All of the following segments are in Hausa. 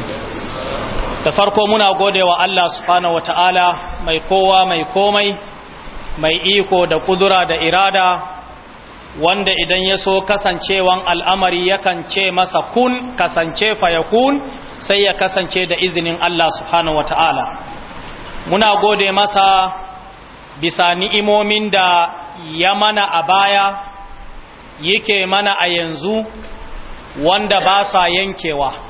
da farko muna gode wa Allah subhanahu wata'ala mai kowa mai komai mai iko da kudura da irada wanda idan ya so kasancewan al'amari yakan ce masa kun kasance fayakun sai ya kasance da izinin Allah subhanahu wata'ala muna gode masa bisa ni'imomin da ya mana a baya yake mana a yanzu wanda ba sa yankewa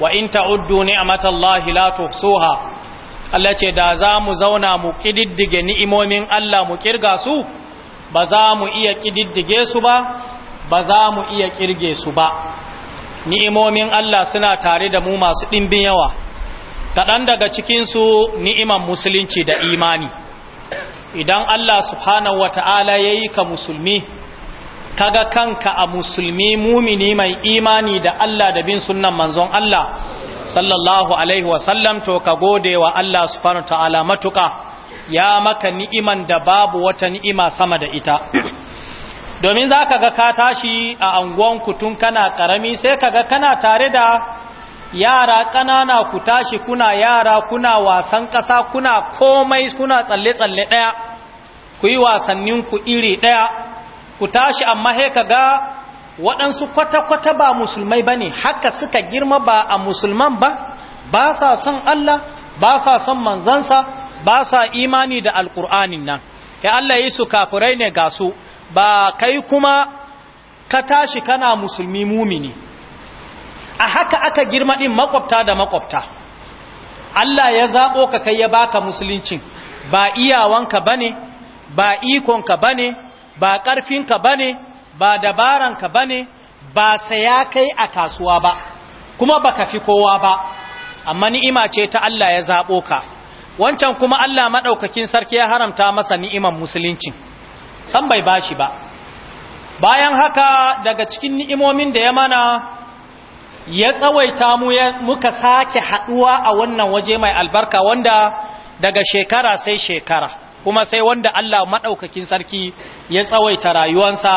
wa in ta'uddu Lahi la tuhsuha Allah ce da za mu zauna mu kididdige ni'imomin Allah mu kirga su ba za mu iya kididdige su ba ba za mu iya kirge su ba ni'imomin Allah suna tare da mu masu dimbin yawa kaɗan daga cikin su ni'iman musulunci da imani idan Allah subhanahu wata'ala ya yi ka musulmi kaga kanka a musulmi mumini mai imani da Allah da bin sunan manzon Allah sallallahu alaihi wasallam to ka gode wa Allah subhanahu ta'ala matuka ya maka ni'iman da babu wata ni'ima sama da ita domin za ka ga ka tashi a anguwanku tun kana karami sai ka ga kana tare da yara ƙanana ku tashi kuna yara kuna wasan ƙasa kuna komai kuna tsalle-tsalle ɗaya ku yi wasannin ku iri ɗaya ku tashi amma he ka ga waɗansu kwata-kwata ba musulmai ba ne haka suka girma ba a musulman ba ba sa son Allah ba sa son manzansa ba sa imani da alƙur'anin nan ya Allah yi su kafirai ne ga su ba kai kuma ka tashi kana musulmi mumini a haka aka girma ɗin makwabta da makwabta Allah ya zaɓo ka kai ya baka musuluncin ba iyawanka ba ne ba ikonka ba ne ba ƙarfinka ba ne ba dabaranka ka bane ba saya kai a kasuwa ba kuma ba ka fi kowa ba amma ni'ima ce ta Allah ya zaɓo ka wancan kuma Allah maɗaukakin sarki ya haramta masa ni'iman musulunci san bai bashi ba bayan haka daga cikin ni'imomin da ya mana ya tsawaita mu muka sake haɗuwa a wannan waje mai albarka wanda daga shekara sai shekara kuma sai wanda Allah maɗaukakin sarki ya tsawaita rayuwansa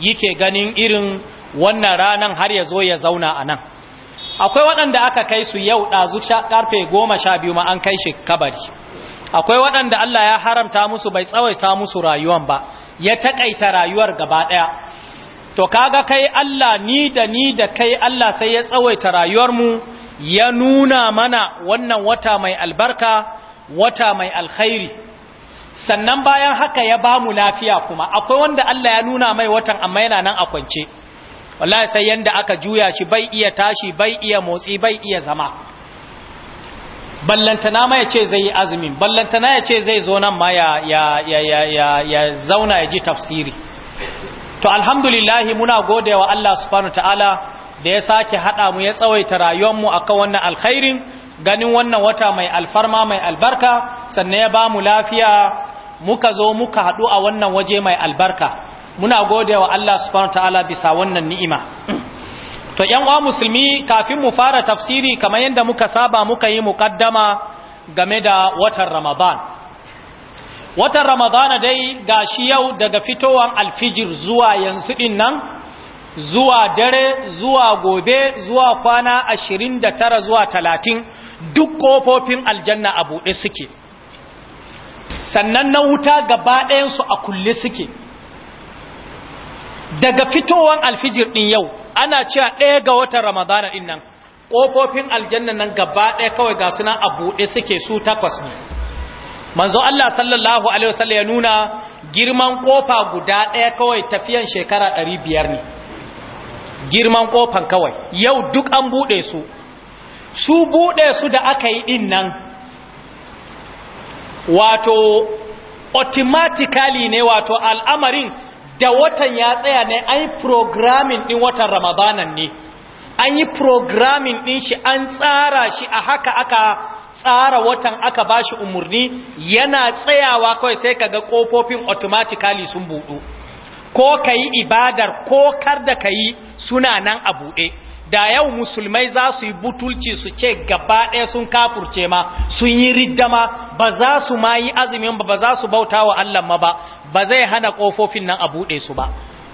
yake ganin irin wannan ranan har ya zo ya zauna a nan akwai waɗanda aka kai su yau ɗazu karfe goma sha biyu ma an kai shi kabari akwai waɗanda Allah ya haramta musu bai tsawaita musu rayuwan ba ya taƙaita rayuwar gaba ɗaya to kaga kai Allah ni da ni da kai Allah sai ya tsawaita rayuwar mu ya nuna mana wannan wata mai albarka wata mai alkhairi sannan bayan haka ya ba mu lafiya kuma akwai wanda Allah ya nuna mai watan amma yana nan a kwance wallahi sai yanda aka juya shi bai iya tashi bai iya motsi bai iya zama ballantana mai ya ce zai yi azumin ballantana ya ce zai zo nan ma ya, ya, ya, ya zauna ya ji tafsiri to alhamdulillahi muna gode wa Allah subhanahu ta'ala da ya sake haɗa mu ya tsawaita rayuwar mu akan wannan alkhairin ganin wannan wata mai alfarma mai albarka sannan ya ba mu lafiya muka zo muka haɗu a wannan waje mai albarka muna gode wa Allah subhanahu ta'ala bisa wannan ni'ima to yan uwa musulmi kafin mu fara tafsiri kamar yadda muka saba muka yi muqaddama game da watan Ramadan watan Ramadan dai gashi yau daga fitowan alfijir zuwa yanzu din nan zuwa dare zuwa gobe zuwa kwana ashirin da tara zuwa talatin duk ƙofofin aljanna a buɗe suke sannan na wuta gaba ɗayansu a kulle suke daga fitowar alfijir ɗin yau ana cewa ɗaya ga watan ramadana ɗin nan ƙofofin aljanna nan gaba ɗaya kawai ga suna a buɗe suke su takwas ne manzo Allah sallallahu alaihi wasallam ya nuna girman ƙofa guda ɗaya kawai tafiyan shekara ɗari biyar ne girman kofan kawai yau duk an buɗe su su buɗe su da aka yi ɗin nan wato automatically ne wato al'amarin da watan ya tsaya ne an yi programming ɗin watan ramadanan ne an yi programming ɗin shi an tsara shi a haka aka tsara watan aka bashi umarni yana tsayawa kawai sai kaga kofofin automatically sun buɗu ko ka yi ibadar ko kar da ka yi suna nan a buɗe da yau musulmai za su yi butulci su ce gaba ɗaya sun kafurce ma sun yi riddama ba za su ma yi azumin ba ba za su bauta wa Allah ma ba ba zai hana kofofin nan a buɗe su ba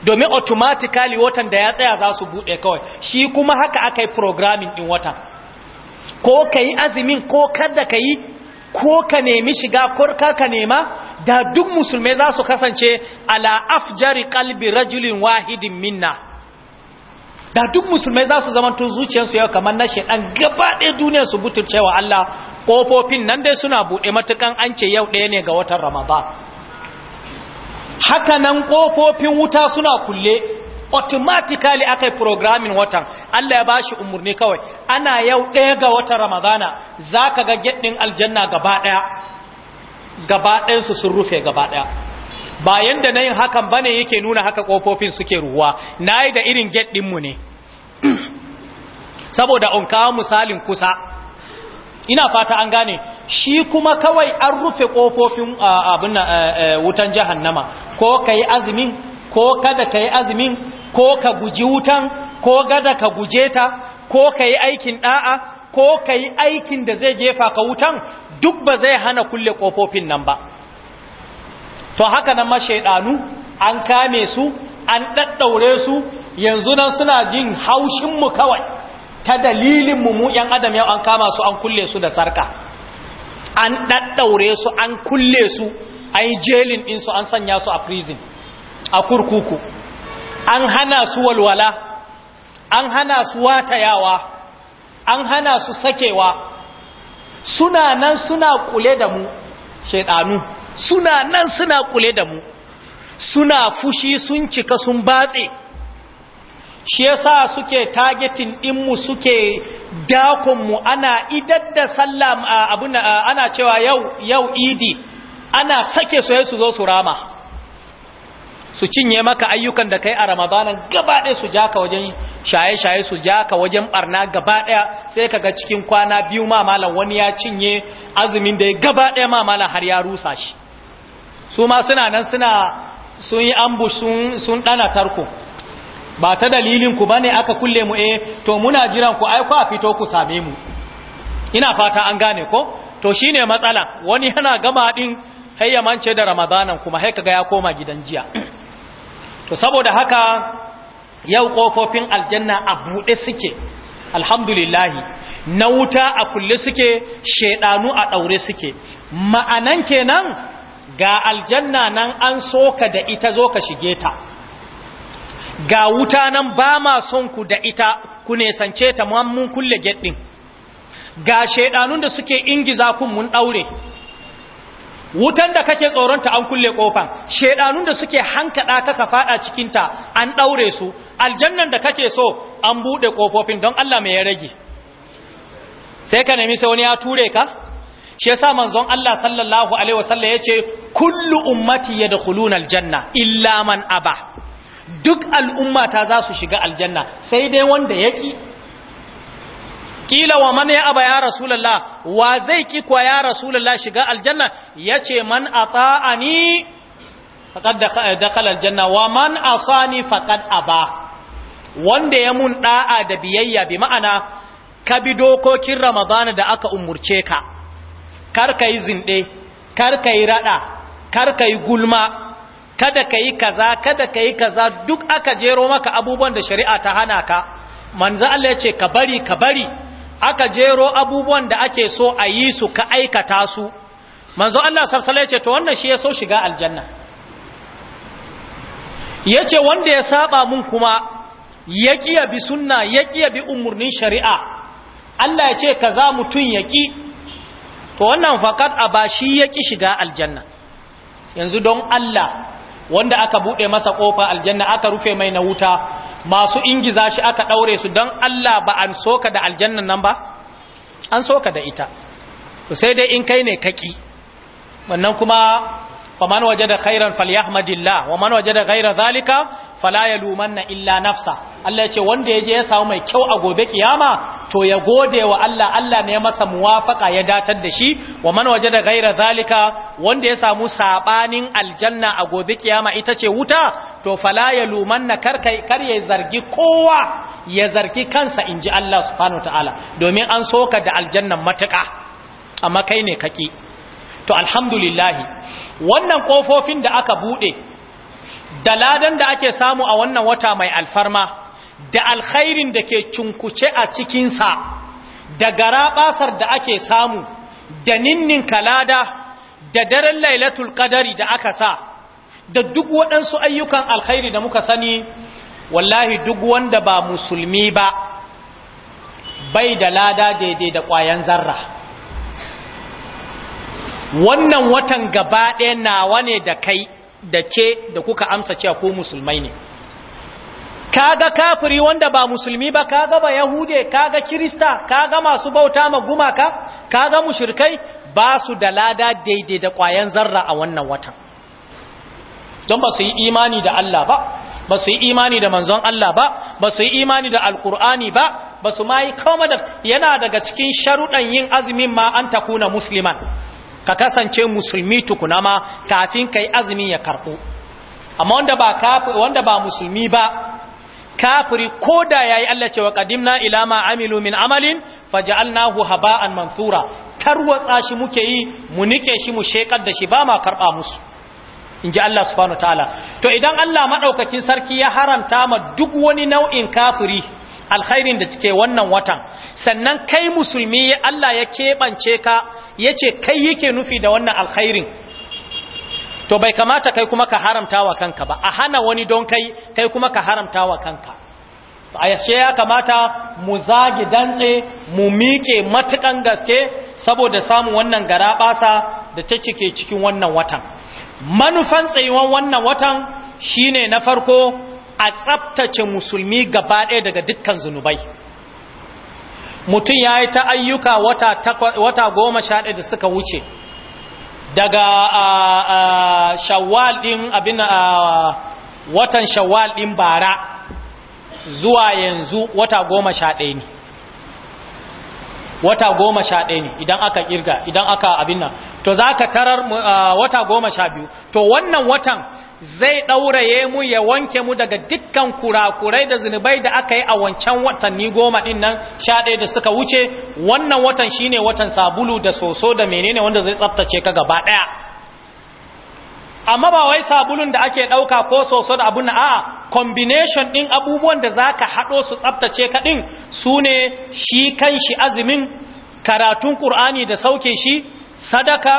domin automatically watan da ya tsaya za su buɗe kawai shi kuma haka aka yi programming ɗin wata ko ka yi azumin ko da ka yi ko ka nemi shiga ko ka nema da duk musulmai za su kasance ala afjari kalbi rajulin wahidin minna da duk musulmai za su tun zuciyarsu yau kamar na shaidan gaba ɗaya duniyar su butulcewa Allah ƙofofin nan dai suna buɗe matukan an ce yau ɗaya ne ga watan ramadan haka nan ƙofofin wuta suna kulle automatically aka yi programming watan Allah ya bashi umarni kawai ana yau ɗaya ga watan ramadana zaka ka ga gedin aljanna gaba daya gaba sun rufe gaba daya ba yanda na yin hakan bane ne yake nuna haka kofofin suke ruwa na yi da irin mu ne saboda on kawo misalin kusa ina fata an gane shi kuma kawai an rufe ƙofofin abin wutan jahannama ko ka yi azumin ko kada ka yi azumin ko ka guji wutan ko gada ka guje ta ko ka yi aikin ɗa'a ko ka yi aikin da zai jefa ka wutan duk ba zai hana kulle ƙofofin nan ba to haka nan mashaiɗanu an kame su an ɗaɗɗaure su yanzu nan suna jin haushinmu kawai ta dalilin mu ‘yan adam yau an kama su an kulle su da sarka an ɗaɗɗaure su an kulle su an yi jelin ɗinsu an sanya su a prison a kurkuku an hana su walwala an hana su watayawa an hana su sakewa suna nan suna kule da mu shaidanu suna nan suna kule da mu suna fushi sun cika sun batse shi yasa suke targetin ɗinmu suke mu ana idar da sallah abuna ana cewa yau yau idi ana sake su su zo su rama su cinye maka ayyukan da kai a ramadanan gaba ɗaya su ja ka wajen shaye-shaye su ja ka wajen barna gaba ɗaya sai kaga cikin kwana biyu ma malam wani ya cinye azumin da ya gaba ɗaya ma malam har ya rusa shi su ma suna nan suna sun yi ambu sun ɗana tarko ba ta dalilin ku bane aka kulle mu eh to muna jiran ku ai a fito ku same mu ina fata an gane ko to shine matsala wani yana gama din hayyamance da ramadanan kuma haika ga ya koma gidan jiya to saboda haka yau ƙofofin aljanna a buɗe suke alhamdulillahi na wuta a kulle suke shaidanu a ɗaure suke ma'anan kenan ga aljanna nan an soka da ita zo ka shige ta ga wuta nan ba ma son ku da ita ku ne nesance ta mun kulle gyaɗin ga shaidanun da suke ingiza ku mun ɗaure wutan da kake tsoron ta an kulle kofan shedanun da suke hankada ka ka fada cikin ta an daure su aljannan da kake so an bude kofofin don Allah mai ya rage sai ka nemi sai wani ya ture ka shi yasa manzon Allah sallallahu alaihi wasallam yace kullu ummati yadkhuluna aljanna illa man aba duk al'ummata za su shiga aljanna sai dai wanda yaki kila wa man ya aba ya rasulullah wa zai ki kwa ya rasulullah shiga aljanna yace man ata'ani faqad eh, dakhala aljanna wa man asani faqad aba wanda ya mun ɗa'a da biyayya bi ma'ana ka bi dokokin ramadana da aka umurce ka kar kai zinde kar kai rada kar kai gulma kada kai kaza kada kai kaza duk aka jero maka abubuwan da shari'a ta hana ka manzo Allah ya ce ka bari ka bari aka jero abubuwan da ake so a yi su ka aikata su manzo Allah sarsala ce to wannan shi ya so shiga aljanna ya ce wanda ya saba mun kuma ya kiya bi sunna ya kiya bi umarnin shari'a Allah ya ce ka za mutum ya ki to wannan fakat a ba shi ya ki shiga aljanna yanzu don Allah wanda aka buɗe masa ƙofa aljanna aka rufe mai na wuta masu ingiza shi aka ɗaure su don Allah ba an soka da aljannan nan ba an soka da ita to sai dai in kai ne kaki wannan kuma faman wajada khairan falyahmadillah wa man wajada ghaira zalika fala yalumanna illa nafsa Allah yace wanda yaje ya samu mai kyau a gobe kiyama to ya gode wa Allah Allah ne ya masa muwafaƙa ya datar da shi wa man wajada ghaira zalika wanda ya samu sabanin aljanna a gobe kiyama ita ce wuta to fala yalumanna karkai kar ya zargi kowa ya zargi kansa inji Allah subhanahu wataala domin an soka da aljannan matuka amma kai ne kake to alhamdulillahi wannan kofofin da aka bude da ladan da ake samu a wannan wata mai alfarma da alkhairin da ke cunkuce a cikinsa da garaɓasar da ake samu da ninnin kalada da daren lailatul qadari da aka sa da duk waɗansu ayyukan alkhairi da muka sani wallahi duk wanda ba musulmi ba bai da lada daidai da ƙwayan zarra wannan watan gaba ɗaya nawa ne da kai da ke da kuka amsa cewa ko musulmai ne kaga kafiri wanda ba musulmi ba kaga ba yahude kaga kirista kaga masu bauta ma gumaka kaga mushrikai ba su da lada daidai da ƙwayan zarra a wannan watan don ba su yi imani da Allah ba ba su yi imani da manzon Allah ba ba su yi imani da alkur'ani ba ba su ma yi kama da yana daga cikin sharuɗan yin azumin ma an takuna musulman? ka kasance musulmi tukuna ma kafin yi azumi ya karɓo amma wanda ba kafir wanda ba musulmi ba kafiri ko da yayi Allah cewa qadimna ilama ma amilu min amalin faj'alnahu haba'an mansura tarwatsa shi muke yi mu nike shi mu shekar da shi ba ma karɓa musu inji Allah subhanahu Ta'ala. to idan Allah madaukakin sarki ya haramta ma duk wani nau'in kafiri alkhairin da take wannan watan sannan kai musulmi Allah ya keɓance ka yace ce kai yake nufi da wannan alkhairin to bai kamata kai kuma ka haramta wa kanka ba a hana wani don kai kai kuma ka haramta wa kanka a yashe ya kamata mu zagi dantse mu miƙe matukan gaske saboda samun wannan garaɓasa da ta cike cikin wannan watan manufan tsayuwan wannan watan shine na farko a tsabtace musulmi gaba ɗaya daga dukkan zunubai mutum ya yi ta ayyuka wata goma sha ɗaya da suka wuce daga shawal ɗin watan shawal ɗin bara zuwa yanzu wata goma sha ɗaya ne wata goma sha ɗaya ne idan aka kirga idan aka abin nan to za ka tarar wata goma sha biyu to wannan watan zai ɗauraye mu ya wanke mu daga dukkan kurakurai da zunubai da aka yi a wancan watanni goma ɗin nan sha ɗaya da suka wuce wannan watan shine watan sabulu da soso da menene wanda zai tsaftace ka gaba ɗaya amma ba wai sabulun da ake ɗauka ko soso da abun a combination ɗin abubuwan da za ka haɗo su tsabtace kaɗin su ne shi kan shi azumin karatun ƙur'ani da sauke shi sadaka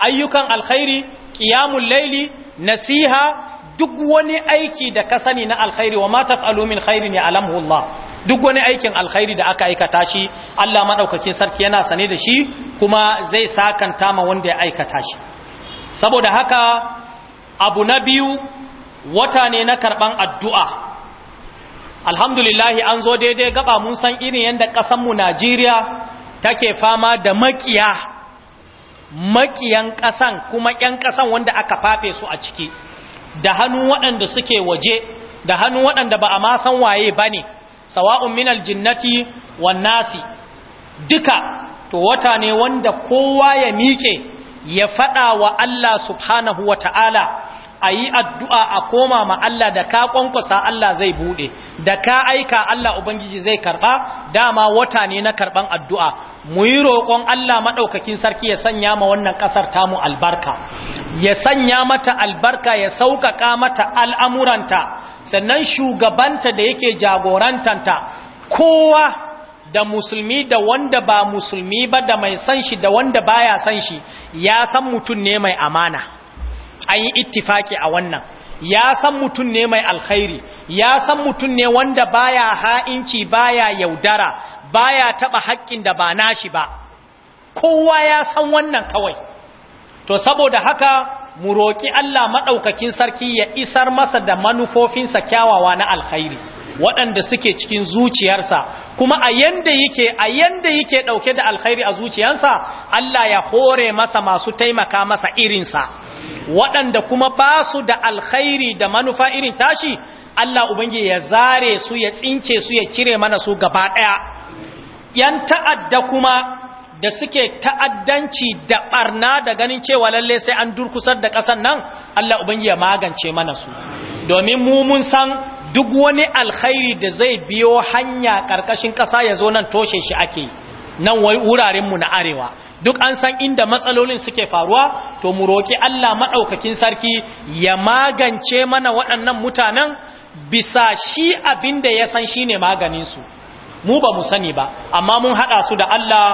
ayyukan alkhairi ƙiyamun laili nasiha duk wani aiki da ka sani na alkhairi wa ma alumin khairi ne ya alamhullah duk wani aikin alkhairi da aka aikata shi Allah madaukakin sarki yana sane da shi kuma zai sakanta ma wanda ya aikata shi saboda haka abu na biyu wata ne na karɓan addu'a alhamdulillahi an zo daidai gaba mun san irin yadda ƙasanmu najeriya take fama da makiya makiyan ƙasan kuma ‘yan ƙasan wanda aka fafe su a ciki da hannu waɗanda suke waje da hannu waɗanda ba a ma san waye ba ne sawa'un minal jinnati wa nasi duka to wata ne wanda kowa ya miƙe ya faɗa wa Allah subhanahu wa ta'ala a yi addu'a a koma ma Allah da ka ƙwanƙwasa Allah zai buɗe, da ka aika Allah Ubangiji zai karɓa, dama wata ne na karɓan addu'a. Mu yi roƙon Allah maɗaukakin sarki ya sanya ma wannan ƙasar tamu albarka, ya sanya mata albarka ya sauƙaƙa mata al'amuranta, sannan shugabanta da yake jagorantanta, kowa da musulmi da wanda ba musulmi ba da mai san shi da wanda baya san shi ya san mutum ne mai amana an yi ittifaki a wannan ya san mutum ne mai alkhairi ya san mutum ne wanda baya ha'inci baya yaudara baya taba haƙƙin da ba nashi ba kowa ya san wannan kawai to saboda haka mu roƙi Allah maɗaukakin sarki ya isar masa da manufofinsa kyawawa na alkhairi waɗanda suke cikin zuciyarsa kuma a yanda yake a yanda yake ɗauke da alkhairi a zuciyarsa Allah ya hore masa masu taimaka masa irinsa waɗanda kuma ba su da alkhairi da manufa irin tashi Allah ubangi ya zare su ya tsince su ya cire mana su gaba ɗaya yan ta'adda kuma da suke ta'addanci da barna da ganin cewa lalle sai an durkusar da ƙasar nan Allah ubangi ya magance mana su domin mu mun san duk wani alkhairi da zai biyo hanya ƙarƙashin ƙasa ya zo nan toshe shi ake nan wai wurarenmu na arewa duk an san inda matsalolin suke faruwa to mu roƙi Allah maɗaukakin sarki ya magance mana waɗannan mutanen bisa shi abinda ya san shine ne maganinsu mu ba mu sani ba amma mun haɗa su da Allah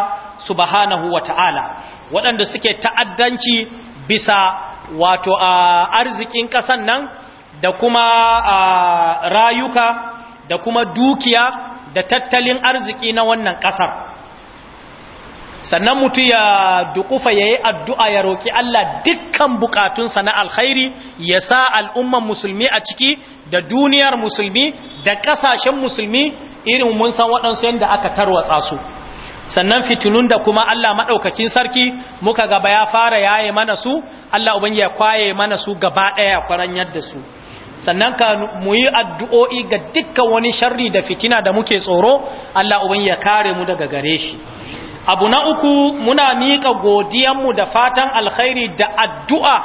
subhanahu wa ta'ala waɗanda suke ta'addanci bisa wato a arzikin ƙasan nan da kuma rayuka da kuma dukiya da tattalin arziki na wannan ƙasar sannan mutu ya dukufa ya yi addu'a ya roƙi Allah dukkan bukatunsa na alkhairi ya sa al'umman musulmi a ciki da duniyar musulmi da ƙasashen musulmi irin mun san waɗansu yadda aka tarwatsa su sannan fitinun da kuma Allah maɗaukakin sarki muka gaba ya fara yaye mana su Allah ubangiya ya kwaye mana su gaba ɗaya kwaran yadda su sannan ka mu yi addu'o'i ga dukkan wani sharri da fitina da muke tsoro Allah ubangiya kare mu daga gare shi abu na uku muna miƙa godiyanmu da fatan alkhairi da addu'a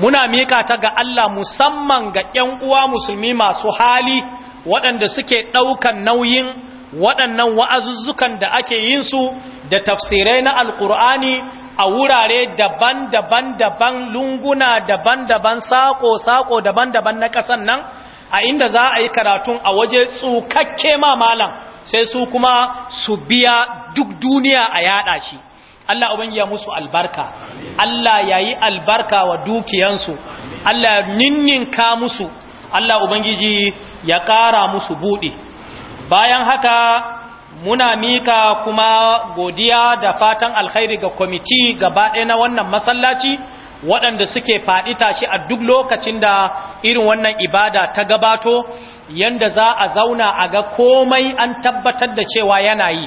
muna miƙa ta ga Allah musamman ga ‘yan uwa musulmi masu hali waɗanda suke ɗaukan nauyin waɗannan wa'azuzzukan da ake yin su da tafsirai na alƙur'ani a wurare daban-daban daban lunguna daban-daban saƙo saƙo daban-daban na ƙasan nan a inda za a yi karatun a waje tsukakke ma malam sai su kuma su biya duk duniya a yada shi Allah ubangiya musu albarka Allah ya yi albarka wa dukiyansu Allah ya ninninka musu Allah ubangiji ya ƙara musu buɗe bayan haka muna mika kuma godiya da fatan alkhairi ga kwamiti gaba ɗaya na wannan masallaci waɗanda suke faɗi tashi a duk lokacin da irin wannan ibada ta gabato yanda za a zauna a ga komai an tabbatar da cewa yana yi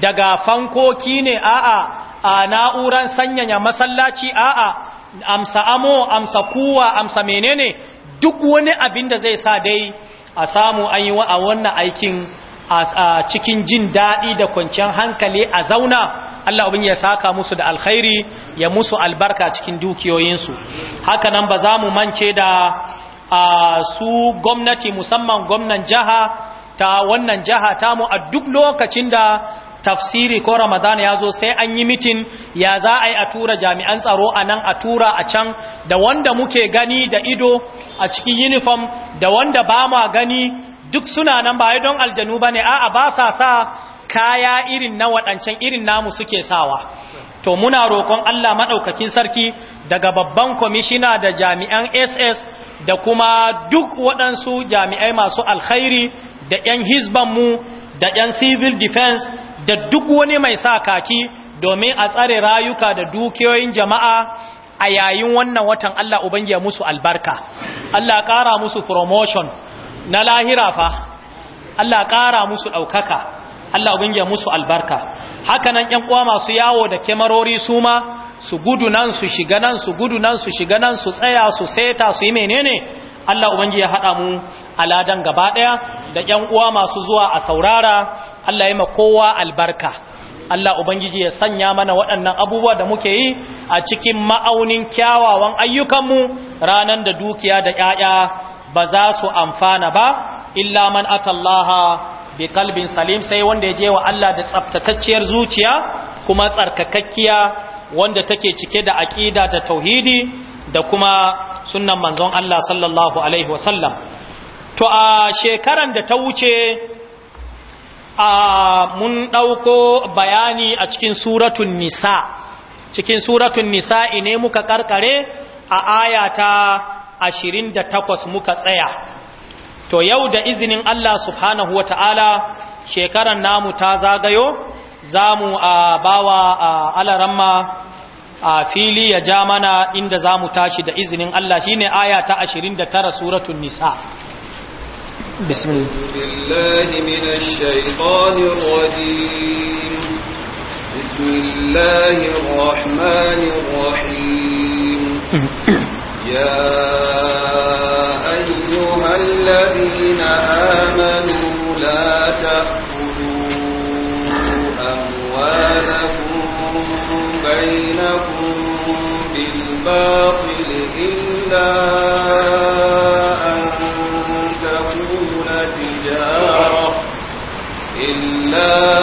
daga fankoki ne a'a a na'uran sanyaya masallaci a'a amsa amo amsa kuwa amsa menene duk wani abin da zai sa dai a samu an yi a wannan aikin a cikin jin daɗi da kwanciyar hankali a zauna Allah abin ya saka musu da alkhairi ya musu albarka cikin dukiyoyinsu haka nan ba za mu mance da su gwamnati musamman gwamnan jaha ta wannan jaha ta mu a duk lokacin da tafsiri ko ramadan ya zo sai an yi mitin ya za a yi a tura jami'an tsaro a nan a tura a can da wanda muke gani da ido a cikin uniform da wanda ba ma gani duk suna nan ba don aljanu ba ne a'a ba sa sa kaya irin na waɗancan irin namu suke sawa to muna roƙon Allah maɗaukakin sarki daga babban kwamishina da jami'an SS da kuma duk waɗansu jami'ai masu alkhairi da 'yan mu da 'yan civil defense da duk wani mai sa kaki domin a tsare rayuka da dukiyoyin jama'a a yayin wannan watan Allah ubangi ya musu albarka Allah ƙara musu promotion na lahira fa Allah ƙara musu ɗaukaka Allah ubangi ya musu albarka hakanan 'yan uwa masu yawo da kemarori su ma su gudu nan su shiga nan su gudu nan su shiga nan su tsaya su seta su yi menene Allah ubangi ya haɗa mu aladan gaba ɗaya da ƴan uwa masu zuwa a saurara Allah ya ma kowa albarka Allah ubangiji ya sanya mana waɗannan abubuwa da muke yi a cikin ma'aunin kyawawan ayyukanmu ranar da dukiya da ƴaƴa ba za su amfana ba illa man atallaha bi kalbin salim sai wanda ya je wa Allah da tsaftatacciyar zuciya kuma tsarkakakkiya wanda take cike da aƙida da tauhidi da kuma sunnan manzon Allah sallallahu alaihi wasallam to a shekaran da ta wuce a mun ɗauko bayani a cikin suratun nisa cikin suratun nisa ne muka karkare a ayata ashirin da 28 muka tsaya to yau da izinin Allah subhanahu wa ta'ala shekaran namu ta zagayo za mu a bawa a alaramma a fili ya ja mana inda za mu tashi da izinin Allah shi ne aya ta 29 suratun nisa bismillahirrahmanirrahim ya ayyuhal ladina amanu la taqulu amwalakum بينكم بالباطل إلا أن تكون تجارة إلا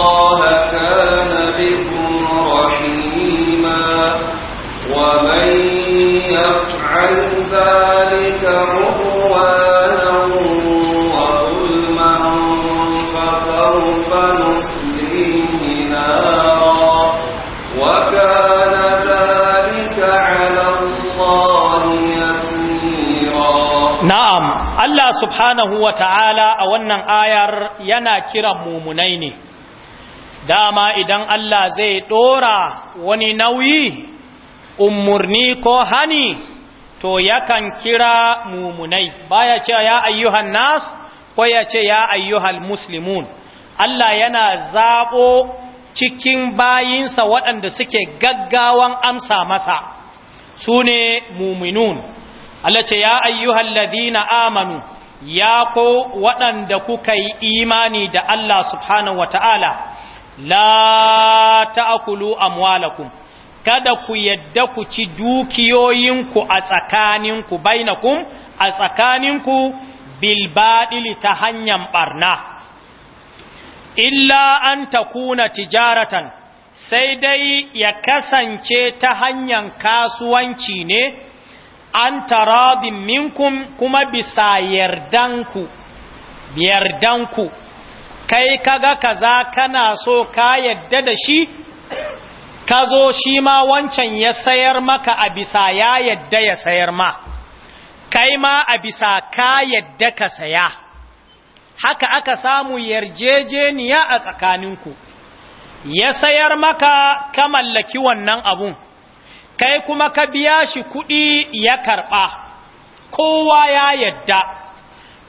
الله كان بكم رحيما ومن يفعل ذلك عدوانا وظلما فسوف نصليه نارا وكان ذلك على الله يسيرا نعم Allah subhanahu wa ta'ala a wannan ayar yana kiran mumunai ne, dama idan Allah zai ɗora wani nauyi umurni ko hani to yakan kira mumunai baya ce ya ayyuhan nas ko ya ce ya ayyuhal muslimun Allah yana zaɓo cikin bayinsa waɗanda suke gaggawan amsa masa su ne muminun Allah ce ya ayyuhal ladina amanu ya ko waɗanda kuka yi imani da Allah subhanahu wa ta'ala la ta'kulu amwalakum kada ku yadda ku ci dukiyoyinku a tsakaninku bainakum a tsakaninku bil badili ta hanyar barna illa an takuna tijaratan sai dai ya kasance ta hanyar kasuwanci ne an taradin minkum kuma bisa yardanku yardanku kai kaga kaza kana so ka yadda da shi ka zo shi ma wancan ya sayar maka a bisa ya yadda ya sayar ma kai ma a bisa ka yadda ka saya haka aka samu yarjejeniya a tsakaninku ya sayar maka ka mallaki wannan abun kai kuma ka biya shi kuɗi ya karɓa kowa ya yadda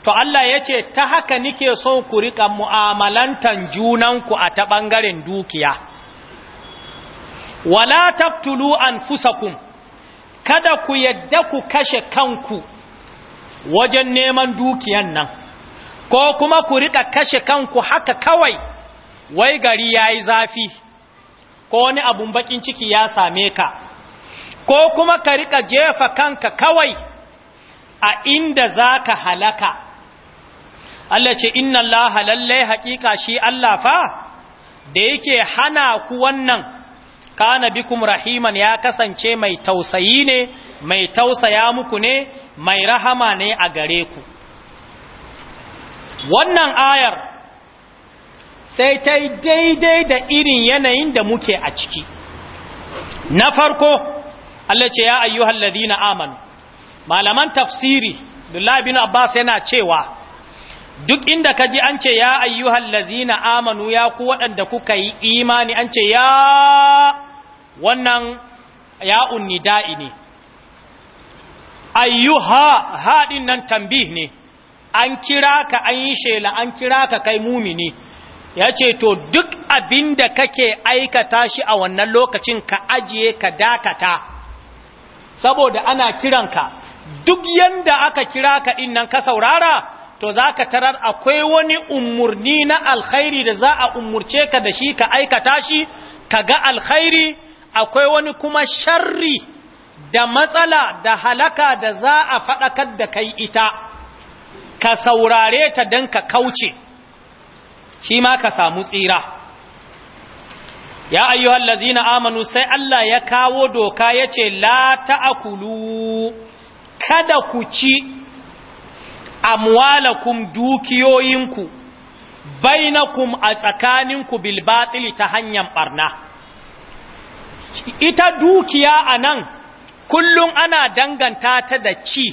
to Allah ya ce ta haka nike so ku riƙa mu'amalantan junanku a ta ɓangaren dukiya wala taktulu an fusakun kada ku yadda ku kashe kanku wajen neman dukiyan nan ko kuma ku riƙa kashe kanku haka kawai wai gari ya yi zafi ko wani abun baƙin ciki ya same ka ko kuma ka riƙa jefa kanka kawai a inda za ka halaka Allah ce inna Allah halalle haƙiƙa shi Allah fa da yake hana ku wannan kana bikum rahiman ya kasance mai tausayi ne mai tausaya muku ne mai rahama ne a gare ku wannan ayar sai ta yi daidai da irin yanayin da muke a ciki na farko Allah ce ya ayyuhal ladina amanu malaman tafsiri Abdullahi bin Abbas yana cewa duk inda kaji an ce ya ayyuhal lazina amanu ya ku waɗanda kuka yi imani an ce ya wannan ya unni da'i ne ayyuha haɗin nan tambih ne an kira ka an yi shela an kira ka kai mumini ya ce to duk abinda kake aikata shi a wannan lokacin ka ajiye ka dakata saboda ana kiranka duk yanda aka kira ka ɗin nan ka saurara to za ka tarar akwai wani umurni na alkhairi da za a umurce ka da shi ka aikata shi ka ga alkhairi akwai wani kuma sharri da matsala da halaka da za a faɗakar da kai ita ka saurare ta don ka kauce shi ma ka samu tsira ya ayyuhal na amanu sai Allah ya kawo doka ya ce la ta'akulu kada ku ci amwalakum dukiyoyinku bainakum a tsakaninku bilbatili ta hanyar barna ita dukiya anan nan kullum ana danganta ta da ci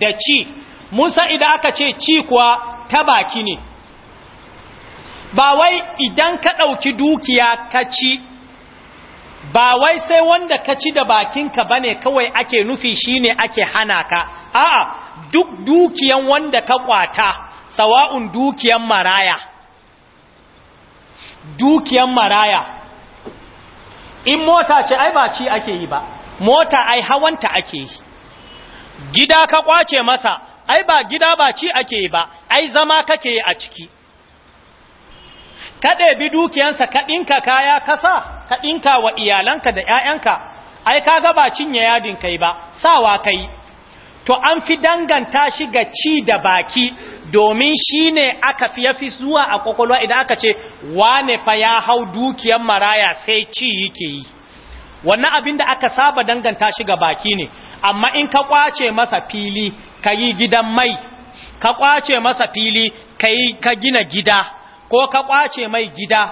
da ci musa idan aka ce ci kuwa ta baki ne ba wai idan ka ɗauki dukiya ka ci ba wai sai wanda ka ci da bakinka bane kawai ake nufi shine ake hana ka a'a duk dukiyan wanda ka kwata sawa'un dukiyan maraya dukiyan maraya in mota ce ai ba ci ake yi ba mota ai hawanta ake yi gida ka kwace masa ai ba gida ba ci ake yi ba ai zama kake yi a ciki Kaɗe bi dukiyansa ka ɗinka kaya kasa ka ɗinka wa iyalanka da ‘ya'yanka ai ka ba cinye yadin kai ba sawa kai to an fi danganta shi ga ci da baki domin shi ne aka fi yafi zuwa a kwakwalwa idan aka ce wane fa ya hau dukiyan maraya sai ci yake yi wannan abin da aka saba danganta shi ga baki ne amma in ka kwace masa fili ka yi gidan mai ka kwace masa fili ka gina gida ko ka ƙwace mai gida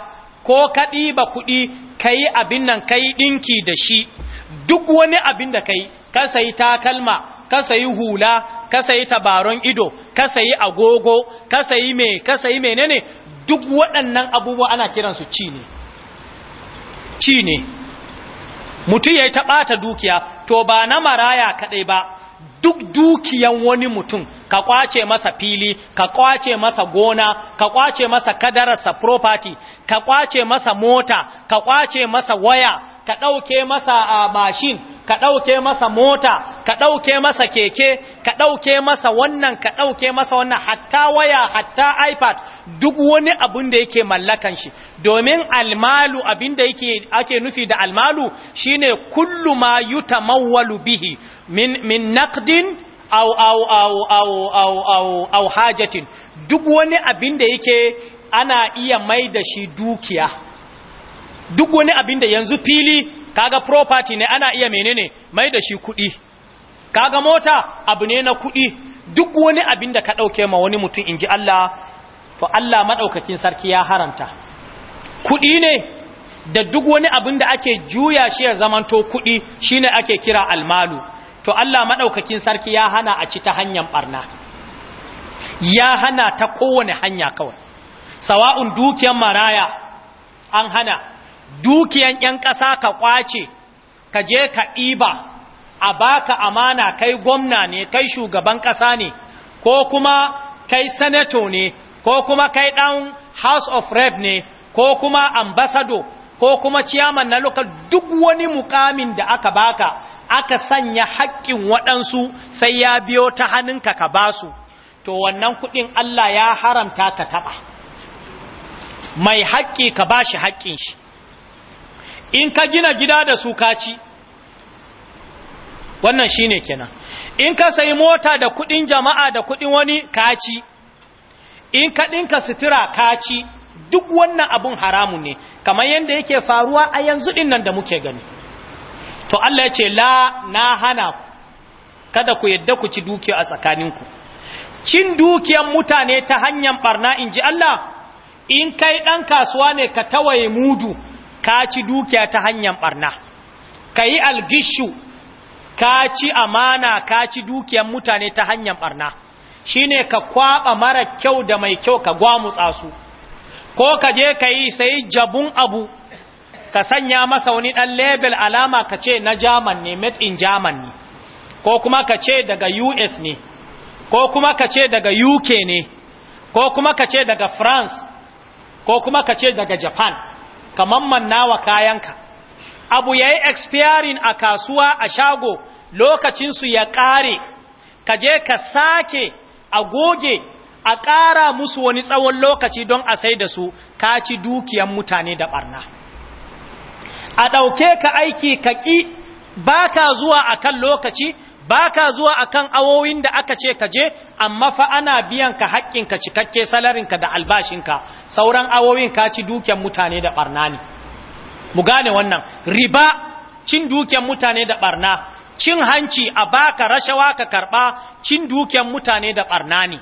ko ka ɗiba kuɗi ka yi abin nan ka yi ɗinki da shi duk wani abin da ka yi ka sayi takalma ka sayi hula ka sayi tabaron ido ka sayi agogo ka sayi me ka sayi menene duk waɗannan abubuwa ana kiransu ci ne ci ne mutum ya yi ɓata dukiya to ba na maraya kaɗai ba duk dukiyan wani mutum ka kwace masa fili ka kwace masa gona ka kwace masa kadararsa property ka kwace masa mota ka kwace masa waya ka ɗauke masa a mashin ka ɗauke masa mota ka ɗauke masa keke ka ɗauke masa wannan ka ɗauke masa wannan hatta waya hatta ipad duk wani abun da yake mallakan shi domin almalu abin da yake ake nufi da almalu shine kullu ma yutamawwalu bihi min min naqdin aw aw aw aw aw aw aw hajatin duk wani abin da yake ana iya mai da shi dukiya duk wani abin da yanzu fili kaga property ne ana iya menene mai da shi kuɗi kaga mota abu ne na kuɗi duk wani abin da ka ɗauke ma wani mutum inji Allah to Allah maɗaukakin sarki ya haramta kuɗi ne da duk wani abin da ake juya shi ya zamanto kuɗi shine ake kira almalu to Allah maɗaukakin sarki ya hana a ci ta hanyar ɓarna ya hana ta kowane hanya kawai sawa'un dukiyan maraya an hana dukiyan 'yan ƙasa ka kwace ka je ka ɗiba a baka amana kai gwamna ne kai shugaban ƙasa ne ko kuma kai sanato ne ko kuma kai ɗan house of rep ne ko kuma ambassador ko kuma ciyaman na lokal duk wani mukamin da aka baka aka sanya haƙƙin waɗansu sai ya biyo ta hannunka ka basu to wannan kuɗin Allah ya haramta ka taɓa mai haƙƙi ka ba shi haƙƙin shi in ka gina gida da su kaci wannan shi ne kenan in ka sayi mota da kuɗin jama'a da kuɗin wani kaci in ka ɗinka sutura kaci duk wannan abun haramun ne kamar yadda yake faruwa a yanzu din nan da muke gani to Allah ya ce la na hana ku kada ku yadda ku ci dukiya a tsakaninku cin dukiyan mutane ta hanyar barna in ji Allah in kai ɗan kasuwa ne ka tawaye mudu ka ci dukiya ta hanyar barna ka yi algishu ka ci amana ka ci dukiyan mutane ta hanyar barna shine ka kwaɓa mara kyau da mai kyau ka gwamutsa su ko ka je ka yi sai jabun abu ka sanya masa wani ɗan label alama ka ce na jaman ne made in jaman ne ko kuma ka ce daga us ne ko kuma ka ce daga uk ne ko kuma ka ce daga france ko kuma ka ce daga japan ka mammanna wa kayanka abu ya yi expiring a kasuwa a shago lokacinsu ya ƙare ka je ka sake a goge a ƙara musu wani tsawon lokaci don a sai da su ka ci dukiyan mutane da ɓarna a ɗauke ka aiki ka ƙi ba ka zuwa a kan lokaci ba ka zuwa a kan awowin da aka ce ka je amma fa ana biyan ka haƙƙinka cikakke salarinka da albashinka sauran awowin ka ci dukiyan mutane da ɓarna ne mu gane wannan riba cin dukiyan mutane da ɓarna cin hanci a baka rashawa ka karɓa cin dukiyan mutane da ɓarna ne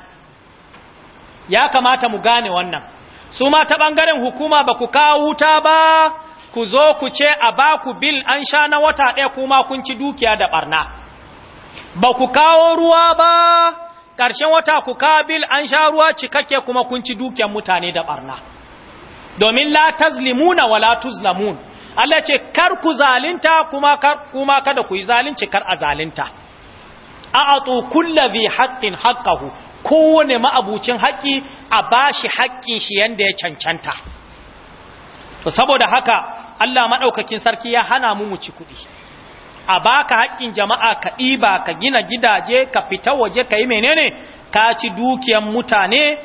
ya kamata mu gane wannan su ma ta ɓangaren hukuma ba ku kawo wuta ba ku zo ku ce a ba ku bil an sha na wata ɗaya kuma kun ci dukiya da ɓarna ba ku kawo ruwa ba ƙarshen wata ku kawo bil an sha ruwa cikakke kuma kun ci dukiyar mutane da barna domin la tazlimuna wa la tuzlamun Allah ce kar ku zalinta kuma kar kuma kada ku yi zalunci kar a zalinta a'atu kullu bi haqqin haqqahu kowane ma'abucin haƙƙi a bashi haƙƙin shi yanda ya cancanta to saboda haka Allah maɗaukakin sarki ya hana mu mu ci kuɗi a baka haƙƙin jama'a ka ɗiba ka gina gidaje ka fita waje ka yi menene ka ci dukiyan mutane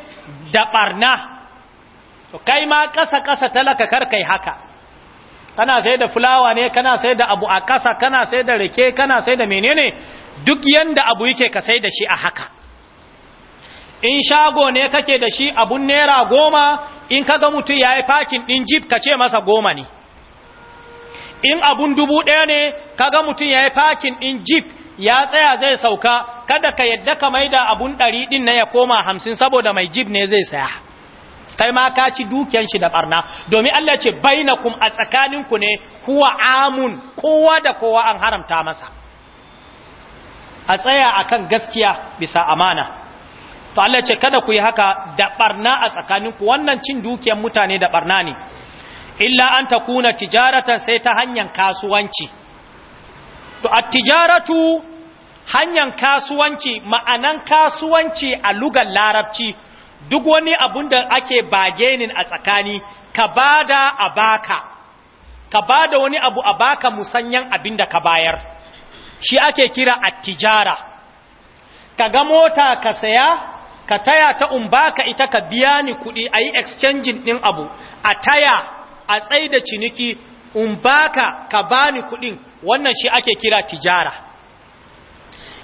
da ɓarna to kai ma ƙasa-ƙasa talaka kar kai haka kana sai da fulawa ne kana sai da abu a ƙasa kana sai da rake kana sai da menene duk yanda abu yake ka sai da shi a haka in shago ne kake da shi abun naira goma in ka ga mutum ya yi fakin ɗin jip ka ce masa goma ne in abun dubu ɗaya ne kaga mutum ya yi fakin ɗin jip ya tsaya zai sauka kada ka yadda ka maida abun ɗari ɗin na ya koma hamsin saboda mai jip ne zai saya kai ma ka ci dukiyan shi da barna domin Allah ce kum a tsakaninku ne huwa amun kowa da kowa an haramta masa a tsaya akan gaskiya bisa amana to Allah ce kada ku yi haka da barna a tsakaninku wannan cin dukiyar mutane da barna ne illa an ta kuna tijaratan sai ta hanyar kasuwanci to a tijaratu hanyar kasuwanci ma'anan kasuwanci a lugar larabci duk wani abun da ake bagenin a tsakani ka bada a baka ka bada wani abu a baka musanyan abin da ka bayar shi ake kira a tijara ka ga mota ka saya ka taya ta umbaka ita ka biya ni kuɗi a yi exchanging ɗin abu a taya a tsaida ciniki umbaka ka bani kuɗin wannan shi ake kira tijara